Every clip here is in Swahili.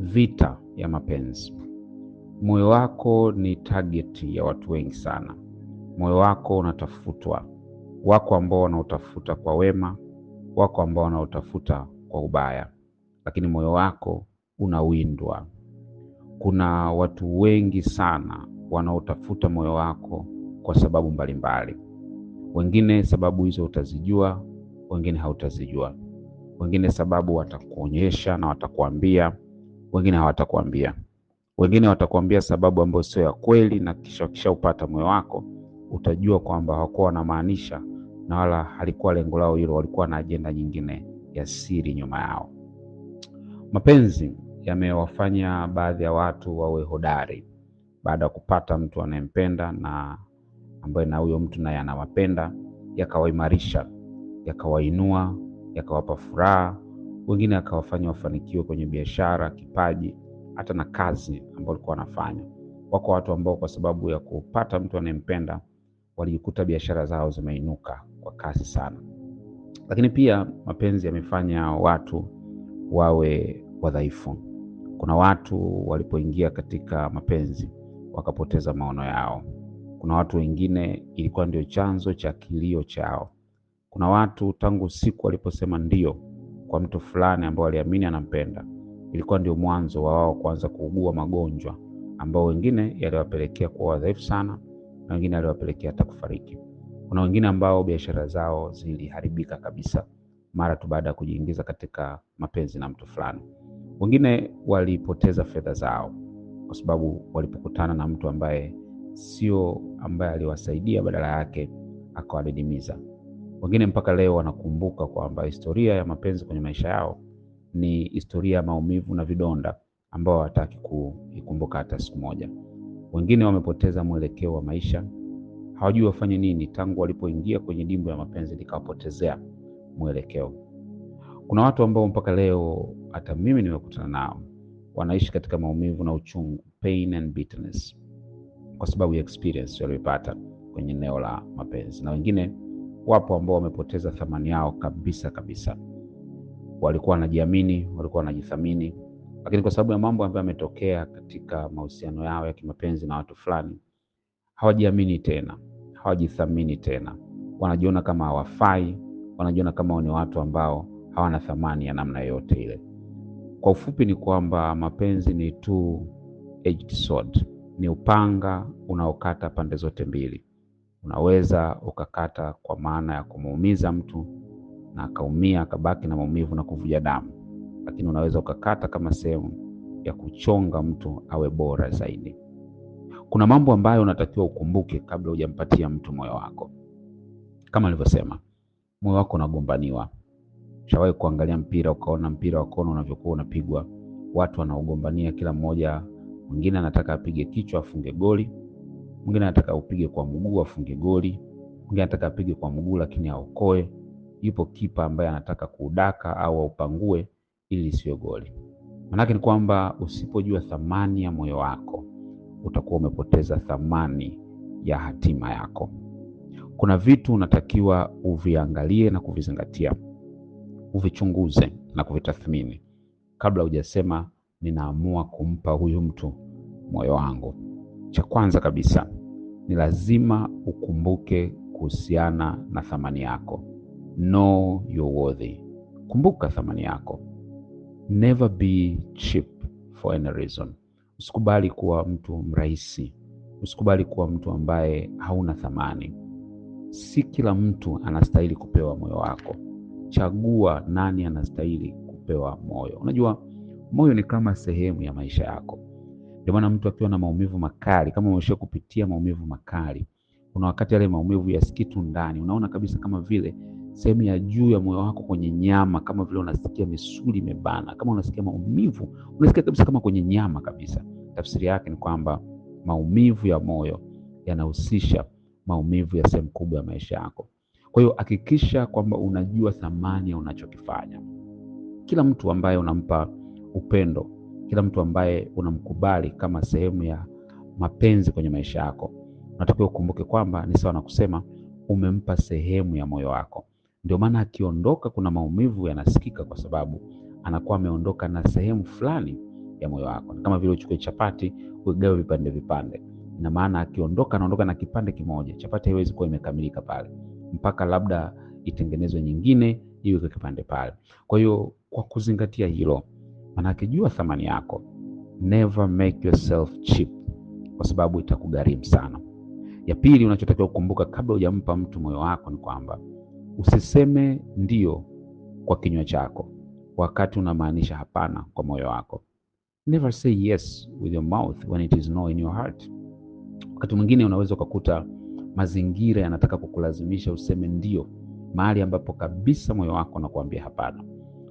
vita ya mapenzi. Moyo wako ni tageti ya watu wengi sana. Moyo wako unatafutwa, wako ambao wanaotafuta kwa wema, wako ambao wanaotafuta kwa ubaya, lakini moyo wako unawindwa. Kuna watu wengi sana wanaotafuta moyo wako kwa sababu mbalimbali mbali. Wengine sababu hizo utazijua, wengine hautazijua. Wengine sababu watakuonyesha na watakuambia wengine hawatakuambia. Wengine watakuambia sababu ambayo sio ya kweli, na kisha kishaupata moyo wako utajua kwamba hawakuwa wanamaanisha na wala halikuwa lengo lao hilo, walikuwa na ajenda nyingine ya siri nyuma yao. Mapenzi yamewafanya baadhi ya watu wawe hodari baada ya kupata mtu anayempenda na ambaye na huyo mtu naye anawapenda, yakawaimarisha, yakawainua, yakawapa furaha wengine akawafanya wafanikiwe kwenye biashara, kipaji, hata na kazi ambayo alikuwa wanafanya. Wako watu ambao kwa sababu ya kupata mtu anayempenda walijikuta biashara zao zimeinuka kwa kasi sana. Lakini pia mapenzi yamefanya watu wawe wadhaifu. Kuna watu walipoingia katika mapenzi wakapoteza maono yao. Kuna watu wengine ilikuwa ndio chanzo cha kilio chao. Kuna watu tangu siku waliposema ndio kwa mtu fulani ambao aliamini anampenda. Ilikuwa ndio mwanzo wa wao kuanza kuugua magonjwa ambao wengine yaliwapelekea kuwa wadhaifu sana na wengine yaliwapelekea hata kufariki. Kuna wengine ambao biashara zao ziliharibika kabisa mara tu baada ya kujiingiza katika mapenzi na mtu fulani. Wengine walipoteza fedha zao kwa sababu walipokutana na mtu ambaye sio ambaye aliwasaidia, badala yake akawadidimiza. Wengine mpaka leo wanakumbuka kwamba historia ya mapenzi kwenye maisha yao ni historia ya maumivu na vidonda ambao hawataki kuikumbuka hata siku moja. Wengine wamepoteza mwelekeo wa maisha, hawajui wafanye nini tangu walipoingia kwenye dimbo ya mapenzi likawapotezea mwelekeo. Kuna watu ambao mpaka leo hata mimi nimekutana nao, wanaishi katika maumivu na uchungu, pain and bitterness, kwa sababu ya experience kwenye eneo la mapenzi na wengine Wapo ambao wamepoteza thamani yao kabisa kabisa. Walikuwa wanajiamini, walikuwa wanajithamini, lakini kwa sababu ya mambo ambayo yametokea katika mahusiano yao ya kimapenzi na watu fulani, hawajiamini tena, hawajithamini tena, wanajiona kama hawafai, wanajiona kama ni watu ambao hawana thamani ya namna yoyote ile. Kwa ufupi ni kwamba mapenzi ni two sword, ni upanga unaokata pande zote mbili unaweza ukakata kwa maana ya kumuumiza mtu na akaumia akabaki na maumivu na kuvuja damu, lakini unaweza ukakata kama sehemu ya kuchonga mtu awe bora zaidi. Kuna mambo ambayo unatakiwa ukumbuke kabla hujampatia mtu moyo wako. Kama alivyosema moyo wako unagombaniwa. Ushawahi kuangalia mpira ukaona mpira wa kono unavyokuwa unapigwa, watu wanaogombania, kila mmoja mwingine anataka apige kichwa afunge goli mwingine anataka upige kwa mguu afunge goli, mwingine anataka apige kwa mguu lakini aokoe. Yupo kipa ambaye anataka kuudaka au aupangue ili siyo goli. Maanake ni kwamba usipojua thamani ya moyo wako utakuwa umepoteza thamani ya hatima yako. Kuna vitu unatakiwa uviangalie na kuvizingatia, uvichunguze na kuvitathmini kabla hujasema ninaamua kumpa huyu mtu moyo wangu. Cha kwanza kabisa ni lazima ukumbuke kuhusiana na thamani yako. Know your Kumbuka thamani yako. Never be cheap for any reason. Usikubali kuwa mtu mrahisi. Usikubali kuwa mtu ambaye hauna thamani. Si kila mtu anastahili kupewa moyo wako. Chagua nani anastahili kupewa moyo. Unajua, moyo ni kama sehemu ya maisha yako. Ndio maana mtu akiwa na maumivu makali, kama umesha kupitia maumivu makali, kuna wakati yale maumivu yasikitu ndani, unaona kabisa kama vile sehemu ya juu ya moyo wako kwenye nyama, kama vile unasikia misuli imebana, kama unasikia maumivu, unasikia kabisa kama kwenye nyama kabisa. Tafsiri yake ni kwamba maumivu ya moyo yanahusisha maumivu ya sehemu kubwa ya maisha yako. Kwa hiyo hakikisha kwamba unajua thamani ya unachokifanya. Kila mtu ambaye unampa upendo kila mtu ambaye unamkubali kama sehemu ya mapenzi kwenye maisha yako, unatakiwa ukumbuke kwamba ni sawa na kusema umempa sehemu ya moyo wako. Ndio maana akiondoka, kuna maumivu yanasikika, kwa sababu anakuwa ameondoka na sehemu fulani ya moyo wako. Kama vile uchukue chapati ugawe vipande vipande, na maana akiondoka, anaondoka na kipande kimoja. Chapati haiwezi kuwa imekamilika pale, mpaka labda itengenezwe nyingine iwe kwa kipande pale. Kwa hiyo, kwa kuzingatia hilo Manakijua thamani yako. Never make yourself cheap, kwa sababu itakugharimu sana. Ya pili unachotakiwa kukumbuka kabla hujampa mtu moyo wako ni kwamba usiseme ndio kwa kinywa chako wakati unamaanisha hapana kwa moyo wako. Never say yes with your mouth when it is no in your heart. Wakati mwingine unaweza ukakuta mazingira yanataka kukulazimisha useme ndio mahali ambapo kabisa moyo wako unakuambia hapana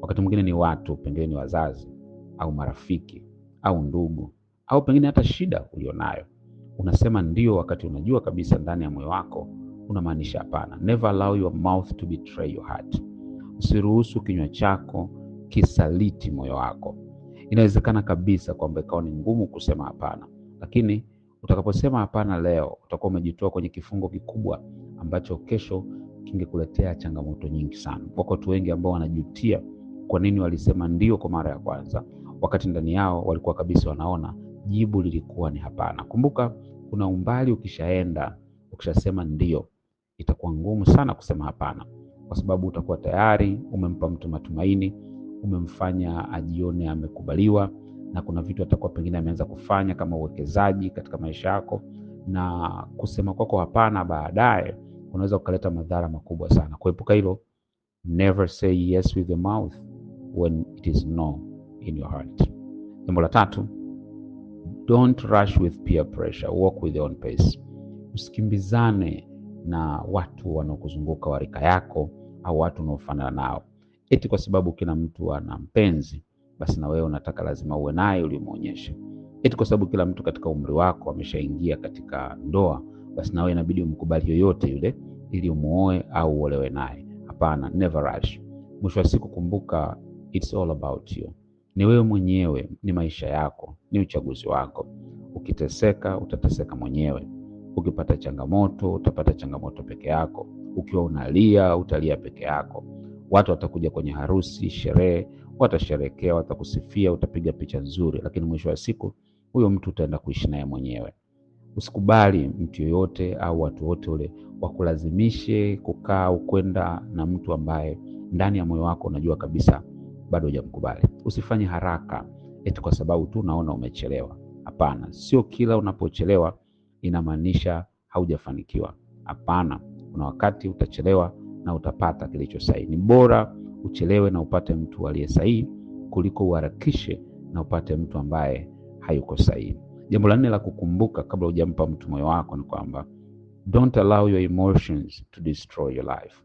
wakati mwingine ni watu, pengine ni wazazi au marafiki au ndugu au pengine hata shida ulionayo, unasema ndio wakati unajua kabisa ndani ya moyo wako unamaanisha hapana. Never allow your mouth to betray your heart. Usiruhusu kinywa chako kisaliti moyo wako. Inawezekana kabisa kwamba ikawa ni ngumu kusema hapana, lakini utakaposema hapana leo, utakuwa umejitoa kwenye kifungo kikubwa ambacho kesho kingekuletea changamoto nyingi sana. Wako watu wengi ambao wanajutia kwa nini walisema ndio kwa mara ya kwanza, wakati ndani yao walikuwa kabisa wanaona jibu lilikuwa ni hapana. Kumbuka kuna umbali ukishaenda, ukishasema ndio, itakuwa ngumu sana kusema hapana, kwa sababu utakuwa tayari umempa mtu matumaini, umemfanya ajione amekubaliwa, na kuna vitu atakuwa pengine ameanza kufanya kama uwekezaji katika maisha yako, na kusema kwako hapana baadaye unaweza kukaleta madhara makubwa sana. Kuepuka hilo, never say yes with the mouth when it is no in your heart. Jambo la tatu, don't rush with peer pressure, walk with your own pace. Usikimbizane na watu wanaokuzunguka wa rika yako au watu unaofanana nao, eti kwa sababu kila mtu ana mpenzi basi na wewe unataka lazima uwe naye ulimwonyesha, eti kwa sababu kila mtu katika umri wako ameshaingia katika ndoa, basi na wewe inabidi umkubali yoyote yule ili umuoe au uolewe naye. Hapana, never rush. Mwisho wa siku, kumbuka It's all about you. Ni wewe mwenyewe, ni maisha yako, ni uchaguzi wako. Ukiteseka utateseka mwenyewe, ukipata changamoto utapata changamoto peke yako, ukiwa unalia utalia peke yako. Watu watakuja kwenye harusi, sherehe, watasherekea, watakusifia, utapiga picha nzuri, lakini mwisho wa siku huyo mtu utaenda kuishi naye mwenyewe. Usikubali mtu yoyote au watu wote ule wakulazimishe kukaa au kwenda na mtu ambaye ndani ya moyo wako unajua kabisa bado hujamkubali. Usifanye haraka eti kwa sababu tu unaona umechelewa. Hapana, sio kila unapochelewa inamaanisha haujafanikiwa. Hapana, kuna wakati utachelewa na utapata kilicho sahihi. Ni bora uchelewe na upate mtu aliye sahihi kuliko uharakishe na upate mtu ambaye hayuko sahihi. Jambo la nne la kukumbuka kabla hujampa mtu moyo wako ni kwamba don't allow your emotions to destroy your life.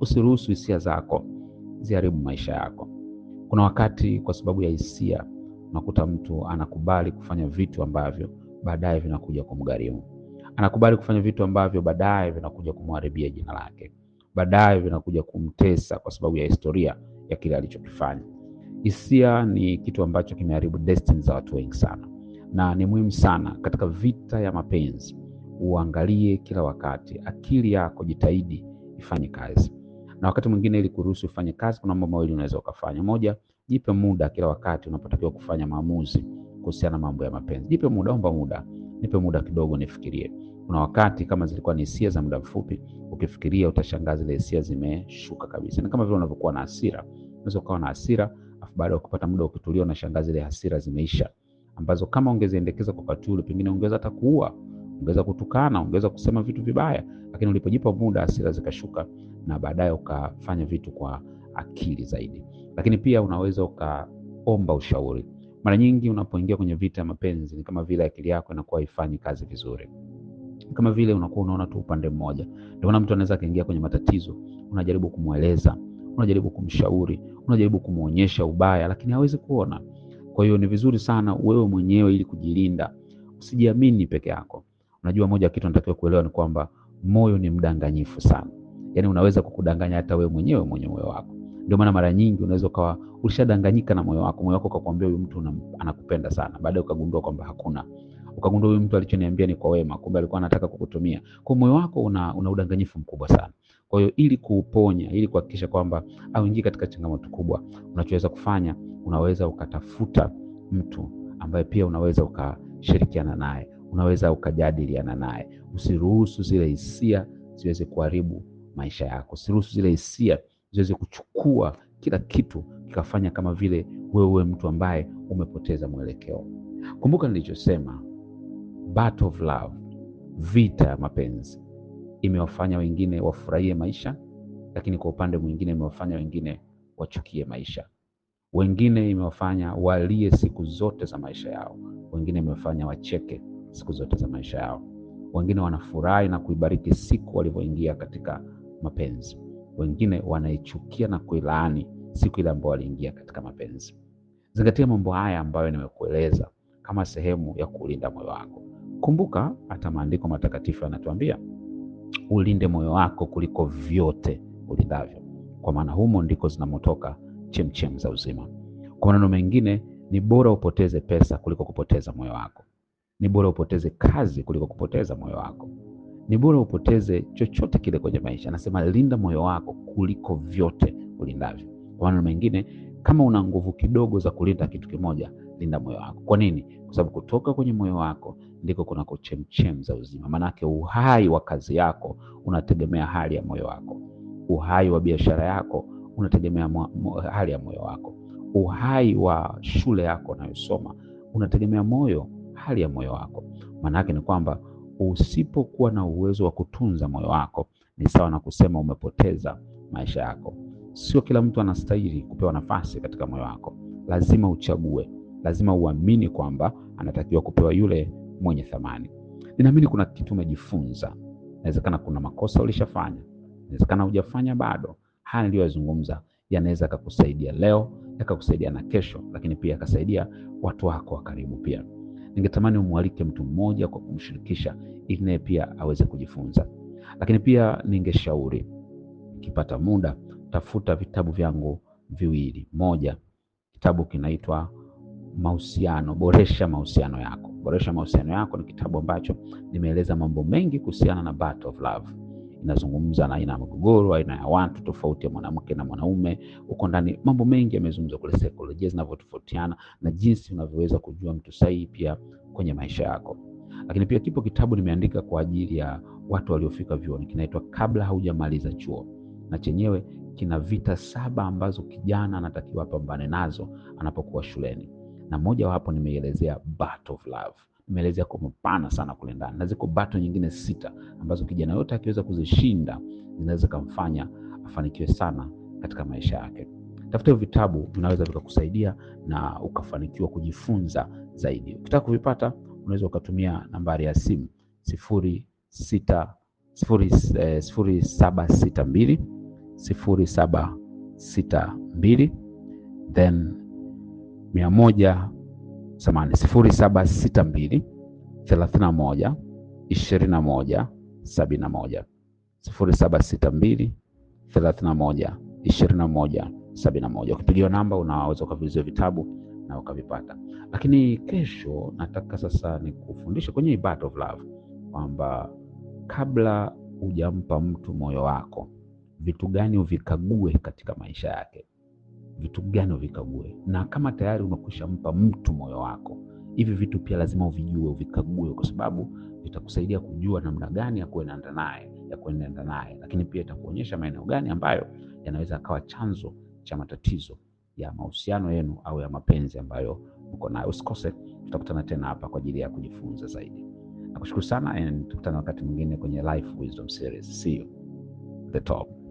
Usiruhusu hisia zako ziharibu maisha yako. Kuna wakati kwa sababu ya hisia unakuta mtu anakubali kufanya vitu ambavyo baadaye vinakuja kumgharimu, anakubali kufanya vitu ambavyo baadaye vinakuja kumharibia jina lake, baadaye vinakuja kumtesa kwa sababu ya historia ya kile alichokifanya. Hisia ni kitu ambacho kimeharibu destiny za watu wengi sana, na ni muhimu sana katika vita ya mapenzi. Uangalie kila wakati, akili yako jitahidi ifanye kazi na wakati mwingine ili kuruhusu ufanye kazi, kuna mambo mawili unaweza ukafanya. Moja, jipe muda kila wakati unapotakiwa kufanya maamuzi kuhusiana na mambo ya mapenzi. Jipe muda, omba muda, nipe muda kidogo nifikirie. Kuna wakati kama zilikuwa ni hisia za muda mfupi, ukifikiria utashangaa zile hisia zimeshuka kabisa. Ni kama vile unavyokuwa na hasira, unaweza ukawa na hasira afu baada ya kupata muda ukitulia, unashangaa zile hasira zimeisha, ambazo kama ungeziendekeza kwa wakati ule, pengine ungeweza hata kuua, ungeweza kutukana, ungeweza kusema vitu vibaya, lakini ulipojipa muda hasira zikashuka na baadaye ukafanya vitu kwa akili zaidi. Lakini pia unaweza ukaomba ushauri. Mara nyingi unapoingia kwenye vita ya mapenzi, ni kama vile akili yako inakuwa haifanyi kazi vizuri, kama vile unakuwa unaona tu upande mmoja. Ndio mtu anaweza akaingia kwenye matatizo, unajaribu kumweleza, unajaribu kumshauri, unajaribu kumwonyesha ubaya, lakini hawezi kuona. Kwa hiyo ni vizuri sana wewe mwenyewe, ili kujilinda, usijiamini peke yako. Unajua, moja ya kitu natakiwa kuelewa ni kwamba moyo ni mdanganyifu sana yani unaweza kukudanganya hata wewe mwenyewe mwenye moyo wako. Ndio maana mara nyingi unaweza ukawa ulishadanganyika na moyo wako, moyo wako ukakwambia huyu mtu una, anakupenda sana, baadaye ukagundua kwamba hakuna, ukagundua huyu mtu alichoniambia ni kwa wema, kumbe alikuwa anataka kukutumia. Kwa moyo wako una, una udanganyifu mkubwa sana. Kwa hiyo ili kuuponya, ili kuhakikisha kwamba auingii katika changamoto kubwa, unachoweza kufanya, unaweza ukatafuta mtu ambaye pia unaweza ukashirikiana naye, unaweza ukajadiliana naye. Usiruhusu zile hisia ziweze kuharibu maisha yako. Siruhusu zile hisia ziweze kuchukua kila kitu kikafanya kama vile wewe mtu ambaye umepoteza mwelekeo. Kumbuka nilichosema, battle of love, vita ya mapenzi imewafanya wengine wafurahie maisha, lakini kwa upande mwingine imewafanya wengine wachukie maisha. Wengine imewafanya walie siku zote za maisha yao, wengine imewafanya wacheke siku zote za maisha yao, wengine wanafurahi na kuibariki siku walivyoingia katika mapenzi, wengine wanaichukia na kuilaani siku ile ambayo waliingia katika mapenzi. Zingatia mambo haya ambayo nimekueleza kama sehemu ya kulinda moyo wako. Kumbuka hata maandiko matakatifu yanatuambia ulinde moyo wako kuliko vyote ulindavyo, kwa maana humo ndiko zinamotoka chemchem za uzima. Kwa maneno mengine, ni bora upoteze pesa kuliko kupoteza moyo wako. Ni bora upoteze kazi kuliko kupoteza moyo wako ni bora upoteze chochote kile kwenye maisha. Anasema linda moyo wako kuliko vyote ulindavyo. Kwa maneno mengine, kama una nguvu kidogo za kulinda kitu kimoja, linda moyo wako. Kwa nini? Kwa sababu kutoka kwenye moyo wako ndiko kunako chemchem za uzima. Maanake uhai wa kazi yako unategemea hali ya moyo wako, uhai wa biashara yako unategemea hali ya moyo wako, uhai wa shule yako unayosoma unategemea moyo, hali ya moyo wako. maanaake ni kwamba Usipokuwa na uwezo wa kutunza moyo wako, ni sawa na kusema umepoteza maisha yako. Sio kila mtu anastahili kupewa nafasi katika moyo wako. Lazima uchague, lazima uamini kwamba anatakiwa kupewa yule mwenye thamani. Ninaamini kuna kitu umejifunza. Inawezekana kuna makosa ulishafanya, inawezekana hujafanya bado. Haya niliyoyazungumza yanaweza akakusaidia leo, yakakusaidia na kesho, lakini pia yakasaidia watu wako wa karibu pia ningetamani umwalike mtu mmoja kwa kumshirikisha ili naye pia aweze kujifunza. Lakini pia ningeshauri ukipata muda, tafuta vitabu vyangu viwili. Moja, kitabu kinaitwa Mahusiano, boresha mahusiano yako. Boresha mahusiano yako ni kitabu ambacho nimeeleza mambo mengi kuhusiana na Battle of Love inazungumza na aina ya mgogoro, aina ya watu, tofauti ya mwanamke na mwanaume uko ndani. Mambo mengi yamezungumza kule, saikolojia zinavyotofautiana na jinsi unavyoweza kujua mtu sahihi pia kwenye maisha yako. Lakini pia kipo kitabu nimeandika kwa ajili ya watu waliofika vyoni kinaitwa Kabla Haujamaliza Chuo, na chenyewe kina vita saba ambazo kijana anatakiwa apambane nazo anapokuwa shuleni, na moja wapo nimeielezea battle of love imeelezea kwa mpana sana kule ndani, na ziko bato nyingine sita ambazo kijana yote akiweza kuzishinda zinaweza kumfanya afanikiwe sana katika maisha yake. Tafuta vitabu vinaweza vikakusaidia na ukafanikiwa kujifunza zaidi. Ukitaka kuvipata, unaweza ukatumia nambari ya simu sifuri sita sifuri eh, saba sita mbili sifuri saba sita mbili then mia moja samani sita mbili thelathina moja ishirina moja sabina moja Ukipigiwa namba unaweza ukaviuziwa vitabu na ukavipata. Lakini kesho nataka sasa ni kufundisha kwenye Battle of Love kwamba kabla hujampa mtu moyo wako, vitu gani uvikague katika maisha yake vitu gani uvikague, na kama tayari umekwisha mpa mtu moyo wako, hivi vitu pia lazima uvijue, uvikague, kwa sababu vitakusaidia kujua namna gani ya kuenda naye ya kuenda naye, lakini pia itakuonyesha maeneo gani ambayo yanaweza akawa chanzo cha matatizo ya mahusiano yenu au ya mapenzi ambayo mko nayo. Usikose, tutakutana tena hapa kwa ajili ya kujifunza zaidi. Nakushukuru sana, and tukutana wakati mwingine kwenye Life Wisdom Series. See you the top.